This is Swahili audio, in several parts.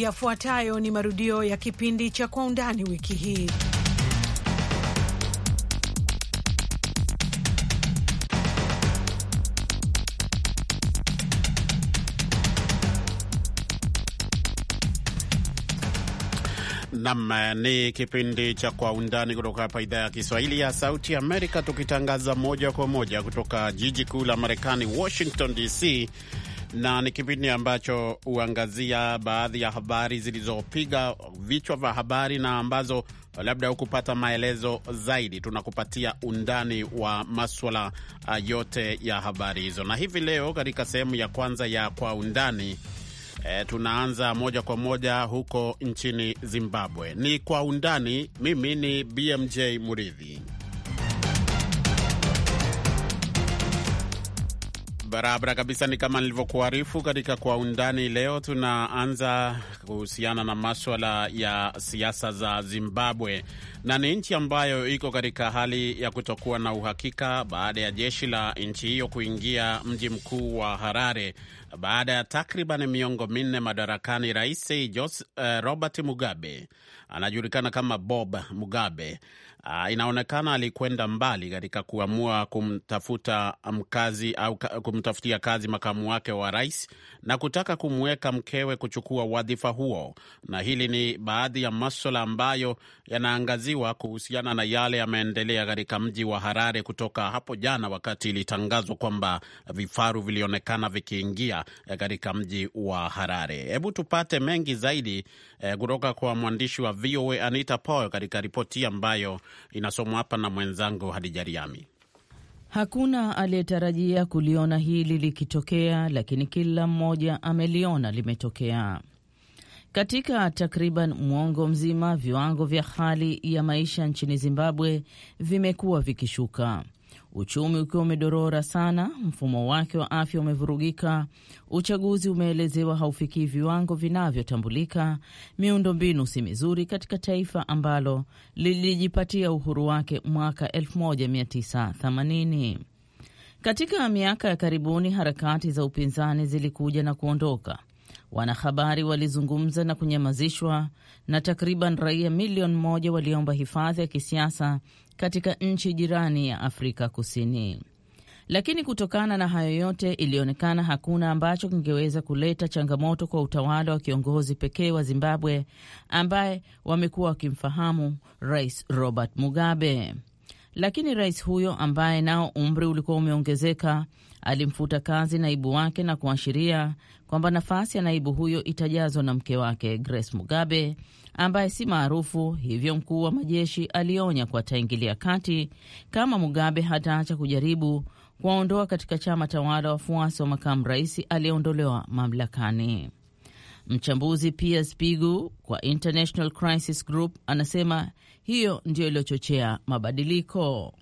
Yafuatayo ni marudio ya kipindi cha Kwa Undani wiki hii. Nam ni kipindi cha Kwa Undani kutoka hapa idhaa ya Kiswahili ya Sauti Amerika, tukitangaza moja kwa moja kutoka jiji kuu la Marekani, Washington DC na ni kipindi ambacho huangazia baadhi ya habari zilizopiga vichwa vya habari na ambazo labda hukupata maelezo zaidi. Tunakupatia undani wa maswala ah, yote ya habari hizo, na hivi leo katika sehemu ya kwanza ya kwa undani e, tunaanza moja kwa moja huko nchini Zimbabwe. Ni kwa undani, mimi ni BMJ Muridhi. barabara kabisa. Ni kama nilivyokuarifu katika kwa undani leo, tunaanza kuhusiana na maswala ya siasa za Zimbabwe, na ni nchi ambayo iko katika hali ya kutokuwa na uhakika baada ya jeshi la nchi hiyo kuingia mji mkuu wa Harare baada ya takriban miongo minne madarakani. Rais eh, Robert Mugabe anajulikana kama Bob Mugabe Uh, inaonekana alikwenda mbali katika kuamua kumtafuta mkazi au kumtafutia kazi makamu wake wa rais na kutaka kumweka mkewe kuchukua wadhifa huo. Na hili ni baadhi ya maswala ambayo yanaangaziwa kuhusiana na yale yameendelea katika mji wa Harare kutoka hapo jana, wakati ilitangazwa kwamba vifaru vilionekana vikiingia eh, katika mji wa Harare. Hebu tupate mengi zaidi eh, kutoka eh, kwa mwandishi wa VOA Anita Powell katika ripoti ambayo inasomwa hapa na mwenzangu Hadija Riami. Hakuna aliyetarajia kuliona hili likitokea, lakini kila mmoja ameliona limetokea. Katika takriban mwongo mzima, viwango vya hali ya maisha nchini Zimbabwe vimekuwa vikishuka uchumi ukiwa umedorora sana, mfumo wake wa afya umevurugika, uchaguzi umeelezewa haufikii viwango vinavyotambulika, miundombinu si mizuri katika taifa ambalo lilijipatia uhuru wake mwaka 1980. Katika miaka ya karibuni harakati za upinzani zilikuja na kuondoka, wanahabari walizungumza na kunyamazishwa, na takriban raia milioni moja waliomba hifadhi ya kisiasa katika nchi jirani ya Afrika Kusini. Lakini kutokana na hayo yote, ilionekana hakuna ambacho kingeweza kuleta changamoto kwa utawala wa kiongozi pekee wa Zimbabwe ambaye wamekuwa wakimfahamu Rais Robert Mugabe lakini rais huyo ambaye nao umri ulikuwa umeongezeka alimfuta kazi naibu wake na kuashiria kwamba nafasi ya naibu huyo itajazwa na mke wake Grace Mugabe ambaye si maarufu. Hivyo mkuu wa majeshi alionya kuwa ataingilia kati kama Mugabe hataacha kujaribu kuwaondoa katika chama tawala wafuasi wa makamu rais aliyeondolewa mamlakani. Mchambuzi Piers Pigu kwa International Crisis Group anasema hiyo ndiyo iliyochochea mabadiliko.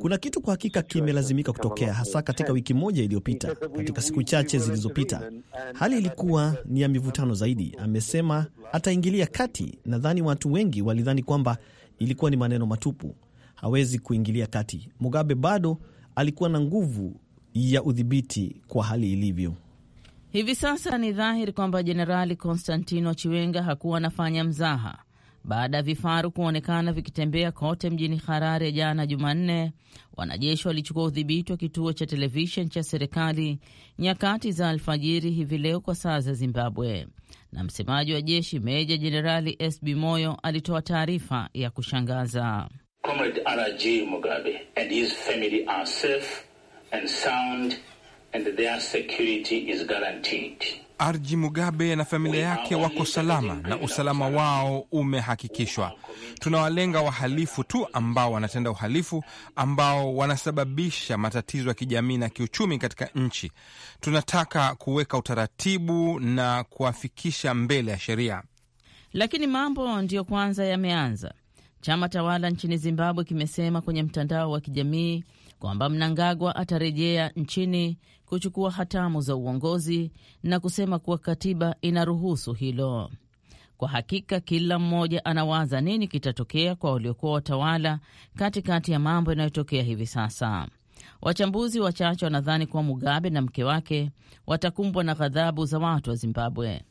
Kuna kitu kwa hakika kimelazimika kutokea, hasa katika wiki moja iliyopita. Katika siku chache zilizopita, hali ilikuwa ni ya mivutano zaidi. Amesema ataingilia kati. Nadhani watu wengi walidhani kwamba ilikuwa ni maneno matupu, hawezi kuingilia kati. Mugabe bado alikuwa na nguvu ya udhibiti kwa hali ilivyo. Hivi sasa ni dhahiri kwamba Jenerali Konstantino Chiwenga hakuwa anafanya mzaha baada ya vifaru kuonekana vikitembea kote mjini Harare jana Jumanne. Wanajeshi walichukua udhibiti wa kituo cha televisheni cha serikali nyakati za alfajiri hivi leo kwa saa za Zimbabwe, na msemaji wa jeshi Meja Jenerali SB Moyo alitoa taarifa ya kushangaza. Comrade RG Mugabe and his family are safe and sound and their security is guaranteed. Arji Mugabe na familia yake wako salama na usalama wao umehakikishwa. Tunawalenga wahalifu tu ambao wanatenda uhalifu, ambao wanasababisha matatizo ya kijamii na kiuchumi katika nchi. Tunataka kuweka utaratibu na kuwafikisha mbele ya sheria. Lakini mambo ndiyo kwanza yameanza. Chama tawala nchini Zimbabwe kimesema kwenye mtandao wa kijamii kwamba Mnangagwa atarejea nchini kuchukua hatamu za uongozi na kusema kuwa katiba inaruhusu hilo. Kwa hakika kila mmoja anawaza nini kitatokea kwa waliokuwa watawala katikati ya mambo yanayotokea hivi sasa. Wachambuzi wachache wanadhani kuwa Mugabe na mke wake watakumbwa na ghadhabu za watu wa Zimbabwe.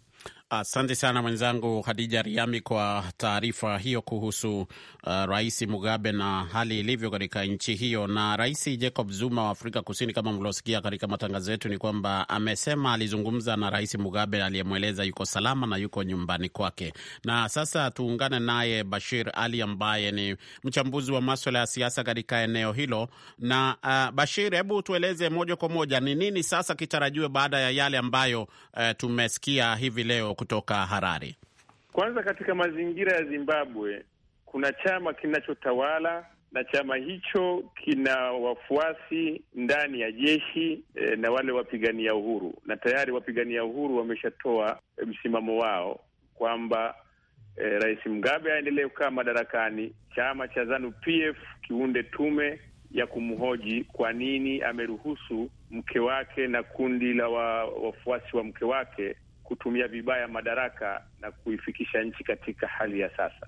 Asante sana mwenzangu Khadija Riami kwa taarifa hiyo kuhusu uh, Rais Mugabe na hali ilivyo katika nchi hiyo. Na Rais Jacob Zuma wa Afrika Kusini, kama mliosikia katika matangazo yetu, ni kwamba amesema alizungumza na Rais Mugabe aliyemweleza yuko salama na yuko nyumbani kwake. Na sasa tuungane naye Bashir Ali ambaye ni mchambuzi wa maswala ya siasa katika eneo hilo. Na uh, Bashir, hebu tueleze moja kwa moja ni nini sasa kitarajiwe baada ya yale ambayo uh, tumesikia hivi leo kutoka Harare. Kwanza, katika mazingira ya Zimbabwe kuna chama kinachotawala na chama hicho kina wafuasi ndani ya jeshi e, na wale wapigania uhuru, na tayari wapigania uhuru wameshatoa e, msimamo wao kwamba e, Rais Mugabe aendelee kukaa madarakani, chama cha Zanu PF kiunde tume ya kumhoji kwa nini ameruhusu mke wake na kundi la wa, wafuasi wa mke wake kutumia vibaya madaraka na kuifikisha nchi katika hali ya sasa.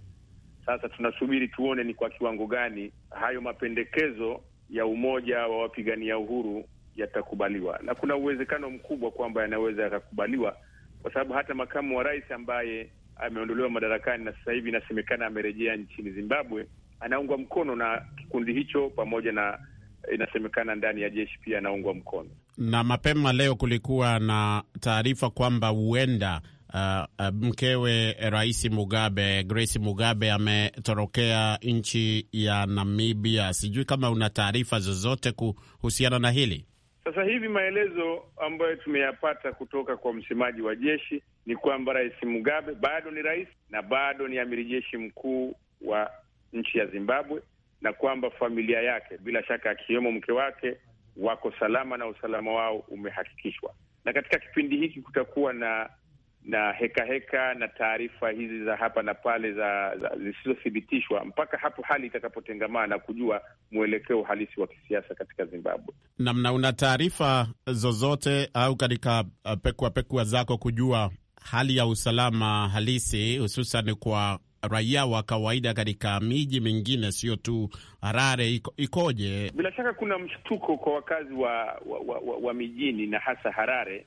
Sasa tunasubiri tuone ni kwa kiwango gani hayo mapendekezo ya umoja wa wapigania uhuru yatakubaliwa, na kuna uwezekano mkubwa kwamba yanaweza yakakubaliwa, kwa sababu hata makamu wa rais ambaye ameondolewa madarakani na sasa hivi inasemekana amerejea nchini Zimbabwe anaungwa mkono na kikundi hicho, pamoja na eh, inasemekana ndani ya jeshi pia anaungwa mkono. Na mapema leo kulikuwa na taarifa kwamba huenda uh, uh, mkewe Rais Mugabe, Grace Mugabe ametorokea nchi ya Namibia. Sijui kama una taarifa zozote kuhusiana na hili. Sasa hivi maelezo ambayo tumeyapata kutoka kwa msemaji wa jeshi ni kwamba Rais Mugabe bado ni rais na bado ni amiri jeshi mkuu wa nchi ya Zimbabwe, na kwamba familia yake bila shaka akiwemo mke wake wako salama na usalama wao umehakikishwa. Na katika kipindi hiki kutakuwa na na hekaheka heka, na taarifa hizi za hapa na pale za, za zisizothibitishwa mpaka hapo hali itakapotengamana na kujua mwelekeo halisi wa kisiasa katika Zimbabwe. Namna una taarifa zozote au katika uh, pekua pekua zako kujua hali ya usalama halisi hususan kwa raia wa kawaida katika miji mingine, sio tu Harare iko, ikoje? Bila shaka kuna mshtuko kwa wakazi wa, wa, wa, wa, wa mijini na hasa Harare,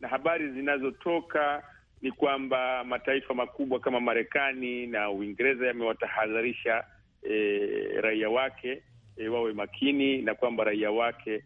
na habari zinazotoka ni kwamba mataifa makubwa kama Marekani na Uingereza yamewatahadharisha e, raia wake e, wawe makini na kwamba raia wake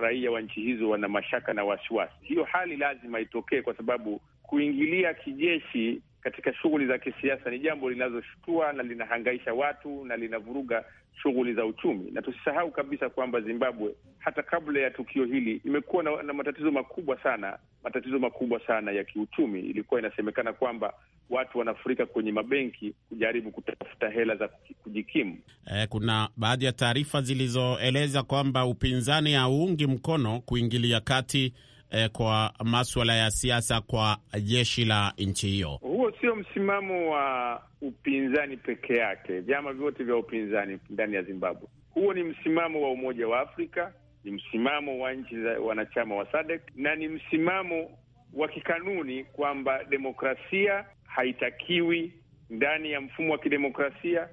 raia wa nchi hizo wana mashaka na wasiwasi. Hiyo hali lazima itokee, kwa sababu kuingilia kijeshi katika shughuli za kisiasa ni jambo linazoshutua na linahangaisha watu na linavuruga shughuli za uchumi. Na tusisahau kabisa kwamba Zimbabwe hata kabla ya tukio hili imekuwa na, na matatizo makubwa sana, matatizo makubwa sana ya kiuchumi. Ilikuwa inasemekana kwamba watu wanafurika kwenye mabenki kujaribu kutafuta hela za kujikimu. Eh, kuna baadhi ya taarifa zilizoeleza kwamba upinzani hauungi mkono kuingilia kati eh, kwa maswala ya siasa kwa jeshi la nchi hiyo sio msimamo wa upinzani peke yake, vyama vyote vya upinzani ndani ya Zimbabwe. Huo ni msimamo wa Umoja wa Afrika, ni msimamo wa nchi za wanachama wa SADC na ni msimamo wa kikanuni kwamba demokrasia haitakiwi ndani ya mfumo wa kidemokrasia.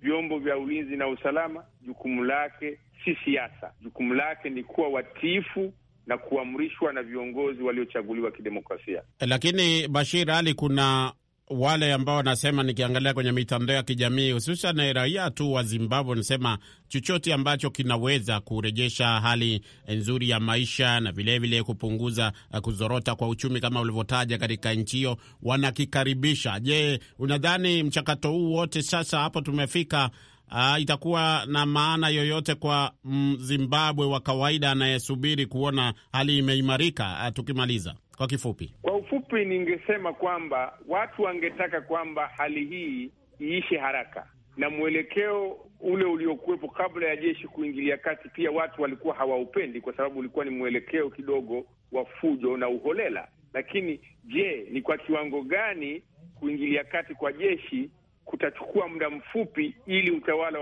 Vyombo vya ulinzi na usalama, jukumu lake si siasa, jukumu lake ni kuwa watiifu na kuamrishwa na viongozi waliochaguliwa kidemokrasia. Lakini Bashir Ali, kuna wale ambao wanasema, nikiangalia kwenye mitandao ya kijamii, hususan raia tu wa Zimbabwe wanasema chochote ambacho kinaweza kurejesha hali nzuri ya maisha na vilevile vile kupunguza eh, kuzorota kwa uchumi kama ulivyotaja katika nchi hiyo wanakikaribisha. Je, unadhani mchakato huu wote sasa hapo tumefika, uh, itakuwa na maana yoyote kwa Mzimbabwe mm, wa kawaida anayesubiri kuona hali imeimarika? Uh, tukimaliza kwa kifupi, kwa ufupi, ningesema kwamba watu wangetaka kwamba hali hii iishe haraka na mwelekeo ule uliokuwepo kabla ya jeshi kuingilia kati, pia watu walikuwa hawaupendi kwa sababu ulikuwa ni mwelekeo kidogo wa fujo na uholela. Lakini je, ni kwa kiwango gani kuingilia kati kwa jeshi kutachukua muda mfupi ili utawala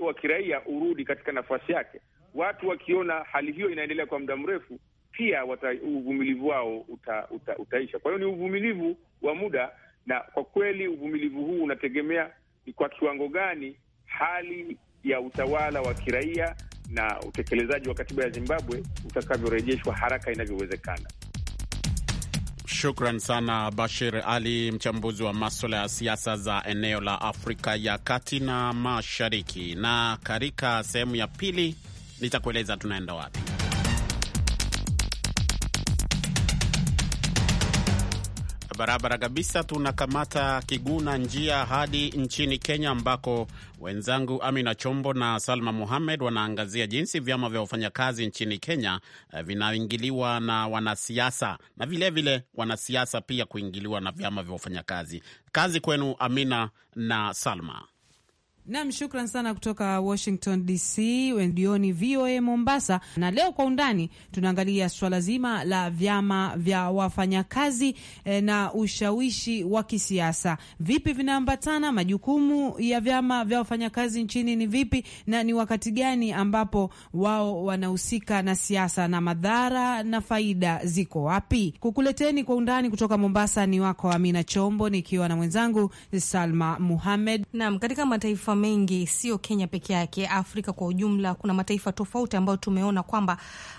wa kiraia urudi katika nafasi yake? Watu wakiona hali hiyo inaendelea kwa muda mrefu, pia uvumilivu wao uta, uta, utaisha. Kwa hiyo ni uvumilivu wa muda, na kwa kweli uvumilivu huu unategemea ni kwa kiwango gani hali ya utawala wa kiraia na utekelezaji wa katiba ya Zimbabwe utakavyorejeshwa haraka inavyowezekana. Shukran sana Bashir Ali, mchambuzi wa maswala ya siasa za eneo la Afrika ya kati na Mashariki. Na katika sehemu ya pili nitakueleza tunaenda wapi. Barabara kabisa, tunakamata kiguna njia hadi nchini Kenya ambako wenzangu Amina Chombo na Salma Muhamed wanaangazia jinsi vyama vya wafanyakazi nchini Kenya eh, vinaingiliwa na wanasiasa na vilevile vile wanasiasa pia kuingiliwa na vyama vya wafanyakazi. Kazi kwenu Amina na Salma. Nam, shukran sana kutoka Washington DC, wendioni VOA Mombasa. Na leo kwa undani tunaangalia swala zima la vyama vya wafanyakazi eh, na ushawishi wa kisiasa, vipi vinaambatana, majukumu ya vyama vya wafanyakazi nchini ni vipi, na ni wakati gani ambapo wao wanahusika na siasa, na madhara na faida ziko wapi? Kukuleteni kwa undani kutoka Mombasa ni wako Amina Chombo nikiwa na mwenzangu Salma Muhamed. Nam, katika mataifa mataifa mengi, sio Kenya peke yake, Afrika kwa ujumla, kuna mataifa tofauti ambayo tumeona kwamba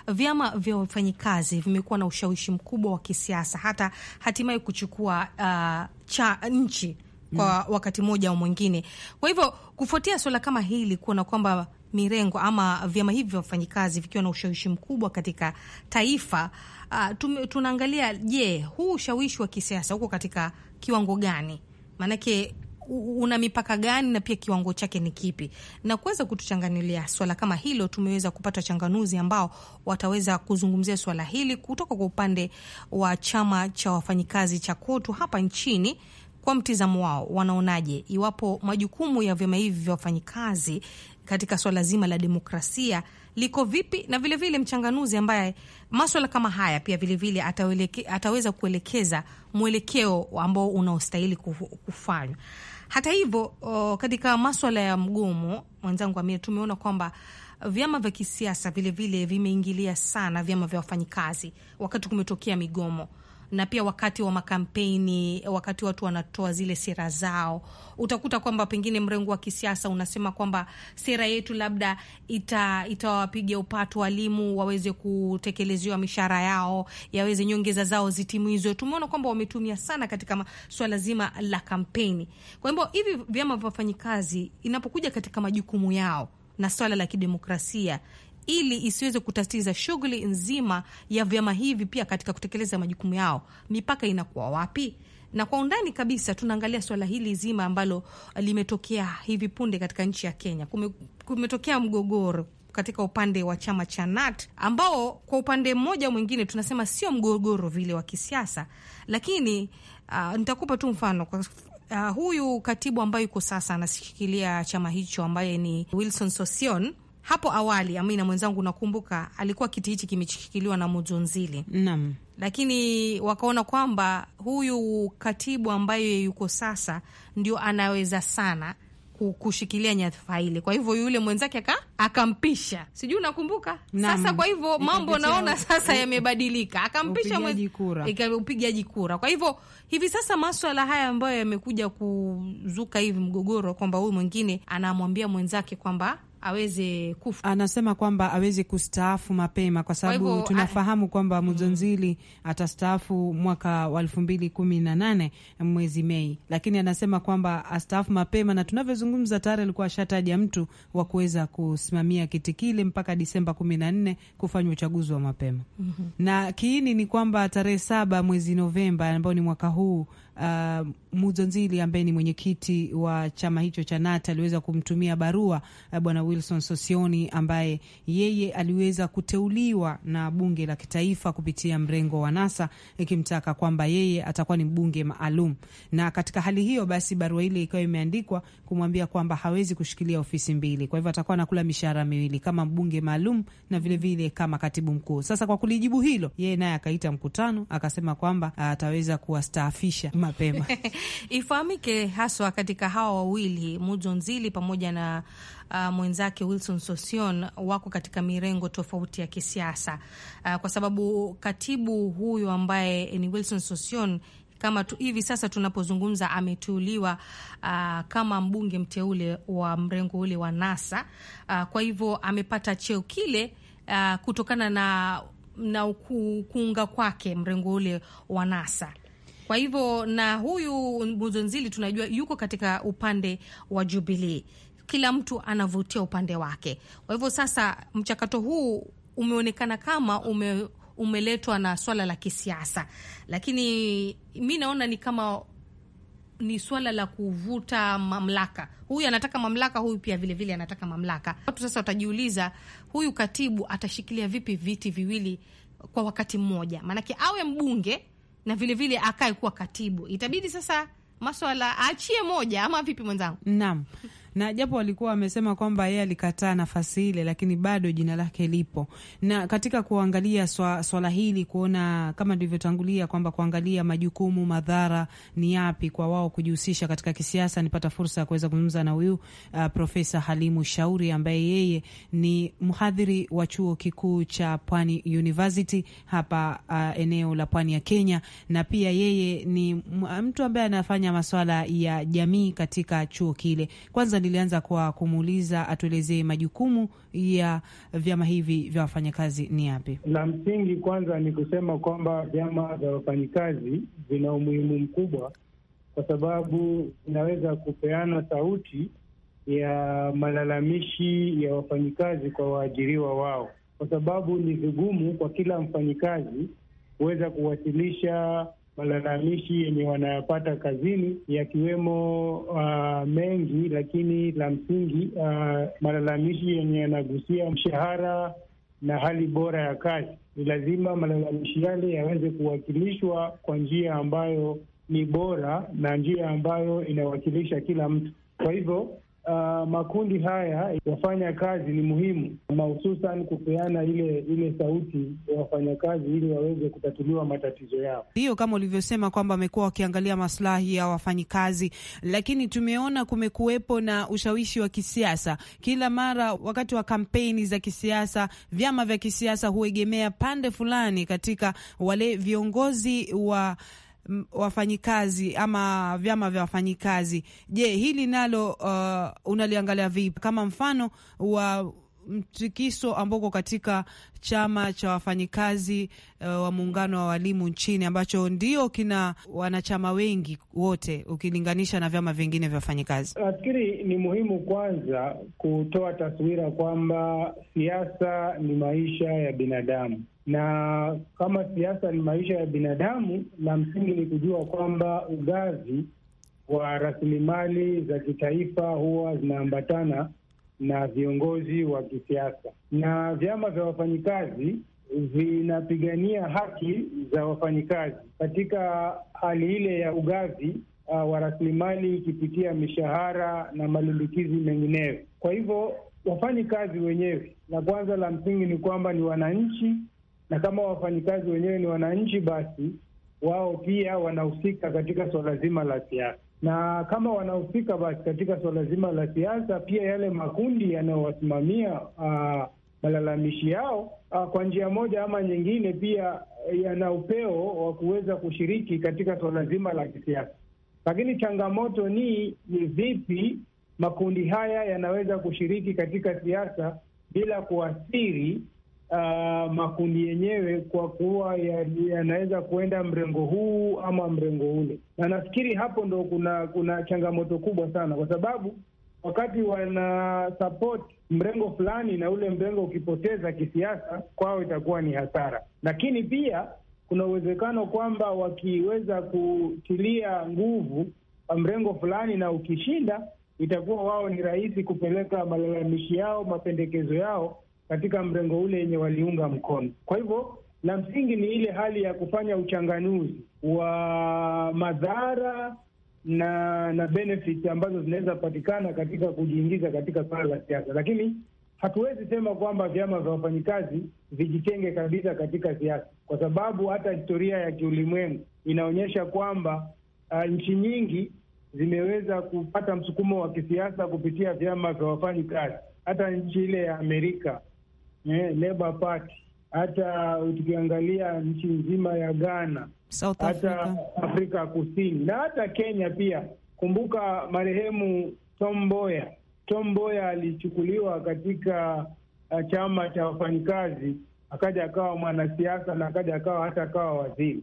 vyama vya wafanyikazi vimekuwa na ushawishi mkubwa wa kisiasa, hata hatimaye kuchukua uh, cha nchi kwa mm. wakati mmoja au mwingine. Kwa hivyo kufuatia swala kama hili, kuona kwamba mirengo ama vyama hivi vya wafanyikazi vikiwa na ushawishi mkubwa katika taifa uh, tunaangalia je, huu ushawishi wa kisiasa huko katika kiwango gani? Maanake una mipaka gani na pia kiwango chake ni kipi, na kuweza kutuchanganilia swala kama hilo. Tumeweza kupata changanuzi ambao wataweza kuzungumzia swala hili kutoka kwa upande wa chama cha wafanyikazi cha KOTU hapa nchini. Kwa mtizamo wao, wanaonaje iwapo majukumu ya vyama hivi vya wafanyikazi katika swala zima la demokrasia liko vipi, na vilevile vile mchanganuzi ambaye maswala kama haya pia vilevile ataweza kuelekeza mwelekeo ambao unaostahili kufanywa. Hata hivyo, katika maswala ya mgomo, mwenzangu Amir, tumeona kwamba vyama vya kisiasa vilevile vimeingilia sana vyama vya wafanyikazi wakati kumetokea migomo na pia wakati wa makampeni, wakati watu wanatoa zile sera zao, utakuta kwamba pengine mrengo wa kisiasa unasema kwamba sera yetu labda itawapiga ita upato walimu waweze kutekelezewa mishahara yao, yaweze nyongeza zao zitimizwe. Tumeona kwamba wametumia sana katika swala zima la kampeni. Kwa hivyo hivi vyama vya wafanyikazi inapokuja katika majukumu yao na swala la kidemokrasia ili isiweze kutatiza shughuli nzima ya vyama hivi pia katika kutekeleza majukumu yao. Mipaka inakuwa wapi? Na kwa undani kabisa tunaangalia swala hili zima ambalo limetokea hivi punde katika nchi ya Kenya. Kume, kumetokea mgogoro katika upande wa chama cha NAT ambao kwa upande mmoja mwingine tunasema sio mgogoro vile wa kisiasa, lakini uh, nitakupa tu mfano kwa uh, huyu katibu ambaye yuko sasa anashikilia chama hicho ambaye ni Wilson Sosion hapo awali, Amina mwenzangu, nakumbuka alikuwa kiti hichi kimeshikiliwa na Mujunzili. Naam. Lakini wakaona kwamba huyu katibu ambaye yuko sasa ndio anaweza sana kushikilia nyadhifa ile. Kwa hivyo yule mwenzake aka akampisha, sijui unakumbuka sasa. Kwa hivyo mambo naona sasa yamebadilika, akampisha upigaji kura. Kwa hivyo hivi sasa maswala haya ambayo yamekuja kuzuka hivi mgogoro, kwamba huyu mwingine anamwambia mwenzake kwamba aweze kufa. Anasema kwamba aweze kustaafu mapema kwa sababu tunafahamu kwamba Mzonzili mm. atastaafu mwaka wa elfu mbili kumi na nane mwezi Mei, lakini anasema kwamba astaafu mapema, na tunavyozungumza tayari alikuwa ashataja mtu wa kuweza kusimamia kiti kile mpaka Disemba kumi na nne kufanywa uchaguzi wa mapema mm -hmm. na kiini ni kwamba tarehe saba mwezi Novemba ambao ni mwaka huu uh, Muzonzili ambaye ni mwenyekiti wa chama hicho cha Nata aliweza kumtumia barua uh, bwana Wilson Sosioni ambaye yeye aliweza kuteuliwa na bunge la kitaifa kupitia mrengo wa NASA ikimtaka kwamba yeye atakuwa ni mbunge maalum. Na katika hali hiyo basi, barua ile ikawa imeandikwa kumwambia kwamba hawezi kushikilia ofisi mbili, kwa hivyo atakuwa anakula mishahara miwili kama mbunge maalum na vilevile vile kama katibu mkuu. Sasa kwa kulijibu hilo, yeye naye akaita mkutano akasema kwamba uh, ataweza kuwastaafisha mapema. Ifahamike haswa katika hawa wawili Mujo Nzili pamoja na Uh, mwenzake Wilson Sosion wako katika mirengo tofauti ya kisiasa uh, kwa sababu katibu huyu ambaye ni Wilson Sosion kama tu, hivi sasa tunapozungumza ameteuliwa uh, kama mbunge mteule wa mrengo ule wa NASA uh, kwa hivyo amepata cheo kile uh, kutokana na na kuunga kwake mrengo ule wa NASA kwa hivyo na huyu Muzonzili tunajua yuko katika upande wa Jubilee, kila mtu anavutia upande wake. Kwa hivyo sasa mchakato huu umeonekana kama ume, umeletwa na swala la kisiasa, lakini mi naona ni kama ni swala la kuvuta mamlaka. Huyu anataka mamlaka, huyu pia vilevile vile anataka mamlaka. Watu sasa watajiuliza huyu katibu atashikilia vipi viti viwili kwa wakati mmoja? Maanake awe mbunge na vilevile akae kuwa katibu. Itabidi sasa maswala aachie moja ama vipi, mwenzangu? Naam na japo walikuwa wamesema kwamba yeye alikataa nafasi ile, lakini bado jina lake lipo. Na katika kuangalia swala hili, kuona kama nilivyotangulia kwamba kuangalia majukumu, madhara ni yapi kwa wao kujihusisha katika kisiasa, nipata fursa ya kuweza kuzungumza na huyu uh, Profesa Halimu Shauri ambaye yeye ni mhadhiri wa chuo kikuu cha Pwani University hapa uh, eneo la pwani ya Kenya, na pia yeye ni mtu ambaye anafanya maswala ya jamii katika chuo kile. Kwanza nilianza kwa kumuuliza atuelezee majukumu ya vyama hivi vya wafanyakazi ni yapi. La msingi kwanza ni kusema kwamba vyama vya wafanyikazi vina umuhimu mkubwa, kwa sababu vinaweza kupeana sauti ya malalamishi ya wafanyikazi kwa waajiriwa wao, kwa sababu ni vigumu kwa kila mfanyikazi kuweza kuwasilisha malalamishi yenye wanayapata kazini yakiwemo uh, mengi, lakini la msingi uh, malalamishi yenye yanagusia mshahara na hali bora ya kazi. Ni lazima malalamishi yale yaweze kuwakilishwa kwa njia ambayo ni bora na njia ambayo inawakilisha kila mtu. Kwa hivyo uh, makundi haya wafanya kazi ni muhimu, mahususan kupeana ile ile sauti ya wafanyakazi ili waweze kutatuliwa matatizo yao. hiyo kama ulivyosema kwamba wamekuwa wakiangalia maslahi ya wafanyikazi, lakini tumeona kumekuwepo na ushawishi wa kisiasa. Kila mara wakati wa kampeni za kisiasa, vyama vya kisiasa huegemea pande fulani katika wale viongozi wa wafanyikazi ama vyama vya wafanyikazi. Je, hili nalo uh, unaliangalia vipi kama mfano wa mtikiso ambao uko katika chama cha wafanyikazi uh, wa muungano wa walimu nchini ambacho ndio kina wanachama wengi wote ukilinganisha na vyama vingine vya wafanyikazi. Nafikiri ni muhimu kwanza kutoa taswira kwamba siasa ni maisha ya binadamu na kama siasa ni maisha ya binadamu, la msingi ni kujua kwamba ugavi wa rasilimali za kitaifa huwa zinaambatana na viongozi wa kisiasa, na vyama vya wafanyikazi vinapigania haki za wafanyikazi katika hali ile ya ugavi uh, wa rasilimali ikipitia mishahara na malundukizi mengineyo. Kwa hivyo wafanyikazi wenyewe, la kwanza la msingi ni kwamba ni wananchi, na kama wafanyikazi wenyewe ni wananchi, basi wao pia wanahusika katika suala zima la siasa na kama wanahusika basi katika suala zima la siasa, pia yale makundi yanayowasimamia ah, malalamishi yao ah, kwa njia moja ama nyingine, pia yana upeo wa kuweza kushiriki katika suala zima la kisiasa. Lakini changamoto ni ni vipi makundi haya yanaweza kushiriki katika siasa bila kuathiri uh, makundi yenyewe kwa kuwa yanaweza ya kuenda mrengo huu ama mrengo ule, na nafikiri hapo ndo kuna kuna changamoto kubwa sana, kwa sababu wakati wana support mrengo fulani na ule mrengo ukipoteza kisiasa, kwao itakuwa ni hasara, lakini pia kuna uwezekano kwamba wakiweza kutilia nguvu mrengo fulani na ukishinda, itakuwa wao ni rahisi kupeleka malalamishi yao, mapendekezo yao katika mrengo ule yenye waliunga mkono. Kwa hivyo la msingi ni ile hali ya kufanya uchanganuzi wa madhara na na benefits ambazo zinaweza patikana katika kujiingiza katika suala la siasa, lakini hatuwezi sema kwamba vyama vya wafanyikazi vijitenge kabisa katika siasa, kwa sababu hata historia ya kiulimwengu inaonyesha kwamba uh, nchi nyingi zimeweza kupata msukumo wa kisiasa kupitia vyama vya wafanyikazi. Hata nchi ile ya Amerika eh, Labour Party hata tukiangalia nchi nzima ya Ghana, South Africa, hata Afrika Kusini na hata Kenya pia. Kumbuka marehemu Tom Mboya, Tom Mboya alichukuliwa katika eh, chama cha wafanyikazi, akaja akawa mwanasiasa na akaja akawa hata akawa waziri,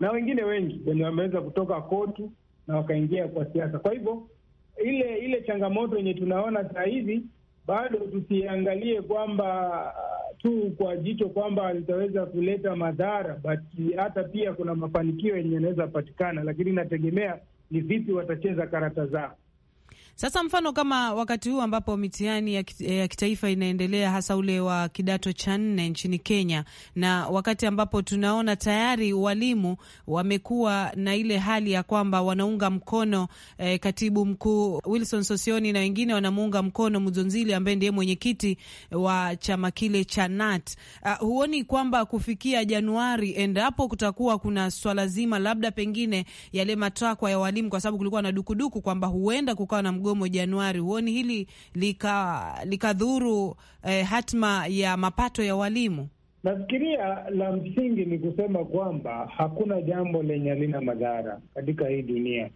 na wengine wengi wenye wameweza kutoka kotu na wakaingia kwa siasa. Kwa hivyo ile ile changamoto yenye tunaona saa hivi bado tusiangalie kwamba uh, tu kwa jicho kwamba litaweza kuleta madhara, but hata pia kuna mafanikio yenye yanaweza patikana, lakini inategemea ni vipi watacheza karata zao. Sasa mfano kama wakati huu ambapo mitihani ya, ya kitaifa inaendelea hasa ule wa kidato cha nne nchini Kenya, na wakati ambapo tunaona tayari walimu wamekuwa na ile hali ya kwamba wanaunga mkono eh, katibu mkuu Wilson Sosioni na wengine wanamuunga mkono Mzonzili ambaye ndiye mwenyekiti wa chama kile cha NAT. Uh, ah, huoni kwamba kufikia Januari, endapo kutakuwa kuna swala zima labda pengine yale matakwa ya walimu, kwa sababu kulikuwa na dukuduku kwamba huenda kukawa na mgo mgomo Januari, huoni hili likadhuru lika eh, hatma ya mapato ya walimu? Nafikiria la msingi ni kusema kwamba hakuna jambo lenye halina madhara katika hii dunia.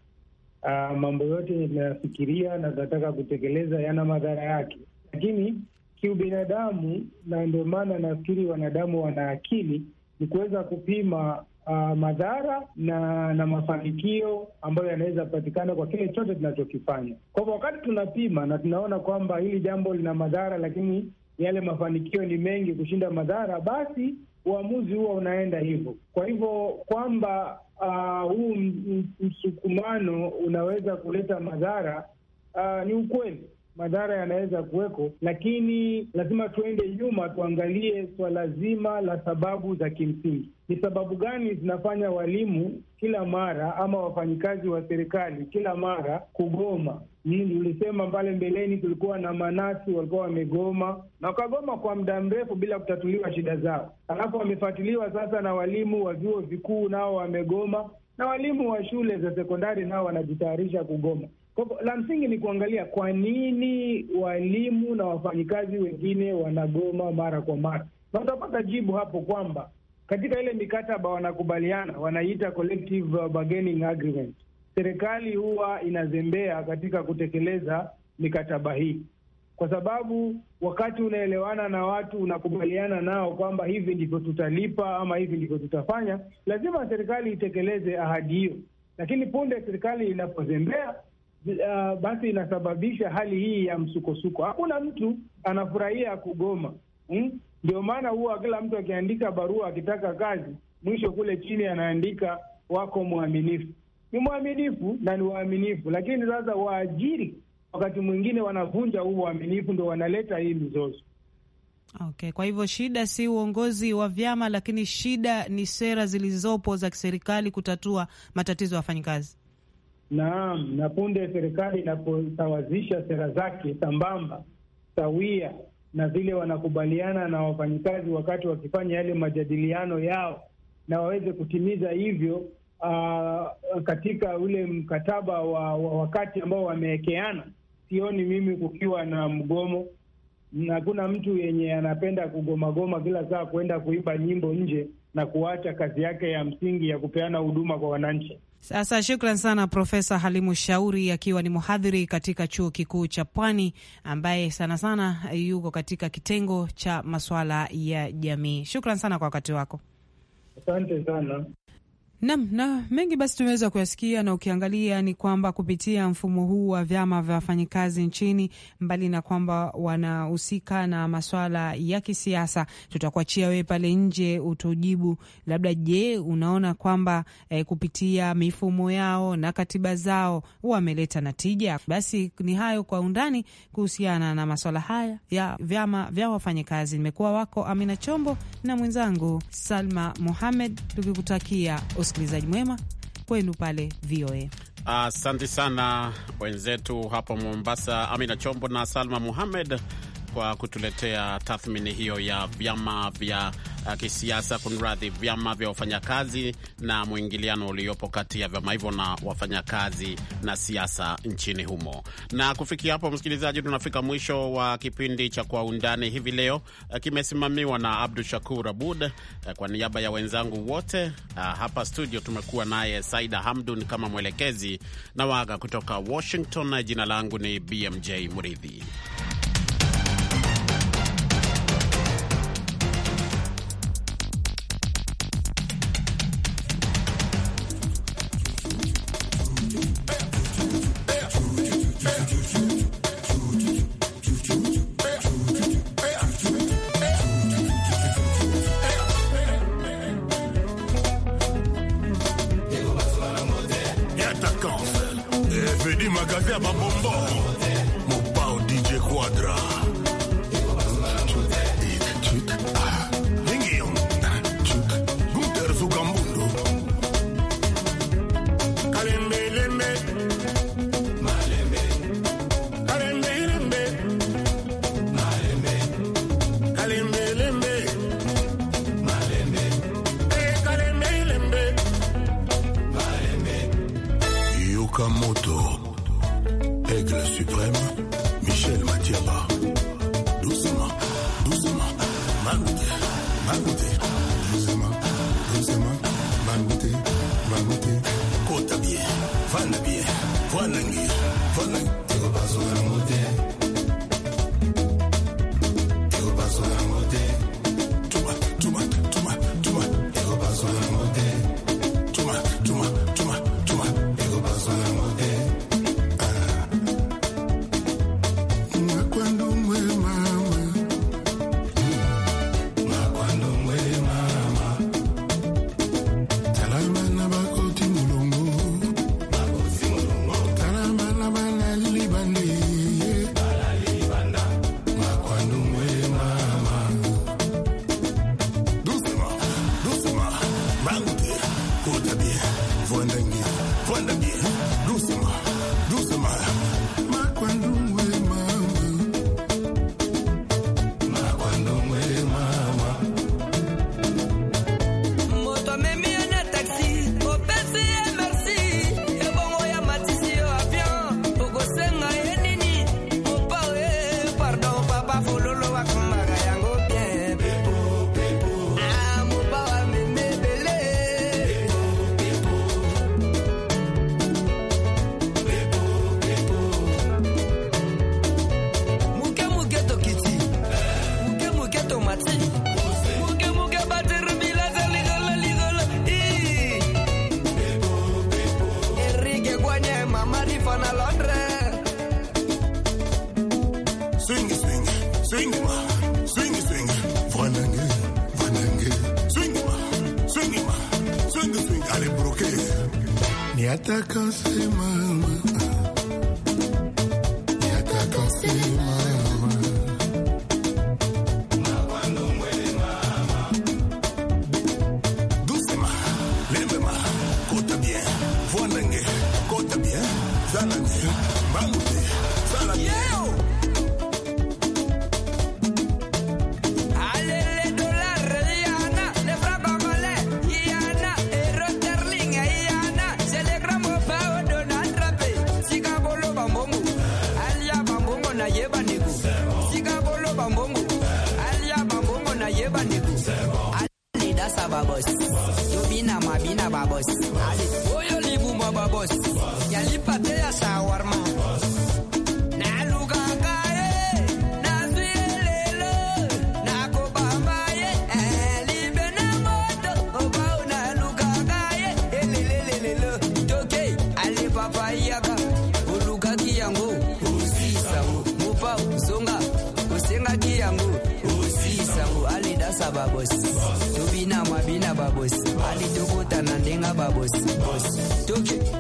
Uh, mambo yote inafikiria na tunataka kutekeleza yana madhara yake, lakini kiubinadamu, na ndio maana nafikiri wanadamu wana akili, ni kuweza kupima uh, madhara na na mafanikio ambayo yanaweza kupatikana kwa kile chote tunachokifanya. Kwa hivyo wakati tunapima na tunaona kwamba hili jambo lina madhara, lakini yale mafanikio ni mengi kushinda madhara, basi uamuzi huo unaenda hivyo. Kwa hivyo kwamba uh, huu msukumano unaweza kuleta madhara uh, ni ukweli madhara yanaweza kuweko, lakini lazima tuende nyuma, tuangalie swala zima la sababu za kimsingi. Ni sababu gani zinafanya walimu kila mara ama wafanyikazi wa serikali kila mara kugoma? Ulisema pale mbeleni kulikuwa na manasi walikuwa wamegoma na wakagoma kwa muda mrefu bila kutatuliwa shida zao, alafu wamefuatiliwa sasa na walimu wa vyuo vikuu nao wamegoma, na walimu wa shule za sekondari nao wanajitayarisha kugoma la msingi ni kuangalia kwa nini walimu na wafanyikazi wengine wanagoma mara kwa mara, na utapata jibu hapo kwamba katika ile mikataba wanakubaliana, wanaita collective bargaining agreement, serikali huwa inazembea katika kutekeleza mikataba hii, kwa sababu wakati unaelewana na watu, unakubaliana nao kwamba hivi ndivyo tutalipa ama hivi ndivyo tutafanya, lazima serikali itekeleze ahadi hiyo. Lakini punde serikali inapozembea uh, basi inasababisha hali hii ya msukosuko. Hakuna mtu anafurahia kugoma, hmm? ndio hmm? Maana huwa kila mtu akiandika barua akitaka kazi, mwisho kule chini anaandika wako mwaminifu. Ni mwaminifu na ni waaminifu, lakini sasa waajiri wakati mwingine wanavunja huu uaminifu, ndo wanaleta hii mizozo. Okay, kwa hivyo shida si uongozi wa vyama, lakini shida ni sera zilizopo za kiserikali kutatua matatizo ya wafanyikazi. Naam, na punde serikali inaposawazisha sera zake sambamba sawia na vile wanakubaliana na wafanyikazi wakati wakifanya yale majadiliano yao, na waweze kutimiza hivyo aa, ah, katika ule mkataba wa, wa wakati ambao wamewekeana. Sioni mimi kukiwa na mgomo. Hakuna mtu yenye anapenda kugomagoma kila saa kuenda kuimba nyimbo nje na kuacha kazi yake ya msingi ya kupeana huduma kwa wananchi. Sasa shukran sana Profesa Halimu Shauri akiwa ni mhadhiri katika chuo kikuu cha Pwani ambaye sana sana yuko katika kitengo cha masuala ya jamii. Shukran sana kwa wakati wako, asante sana. Nam na mengi basi tumeweza kuyasikia, na ukiangalia ni kwamba kupitia mfumo huu wa vyama vya wafanyikazi nchini, mbali na kwamba wanahusika na maswala ya kisiasa, tutakuachia wewe pale nje utujibu labda. Je, unaona kwamba eh, kupitia mifumo yao na katiba zao wameleta natija? Basi ni hayo kwa undani kuhusiana na maswala haya ya vyama vya wafanyikazi. Nimekuwa wako Amina Chombo na mwenzangu Salma Muhamed tukikutakia usikilizaji mwema kwenu pale VOA. Asante uh, sana wenzetu hapo Mombasa, Amina Chombo na Salma Muhamed kwa kutuletea tathmini hiyo ya vyama vya Uh, kisiasa kunradhi, vyama vya wafanyakazi na mwingiliano uliopo kati ya vyama hivyo na wafanyakazi na siasa nchini humo. Na kufikia hapo, msikilizaji, tunafika mwisho wa kipindi cha Kwa Undani hivi leo. Uh, kimesimamiwa na Abdu Shakur Abud. Uh, kwa niaba ya wenzangu wote hapa studio, tumekuwa naye Saida Hamdun kama mwelekezi na waga kutoka Washington. Jina langu ni BMJ Muridhi. beba bombom. ndingavusa babosi tubina mabina babosi alitukuta na babosi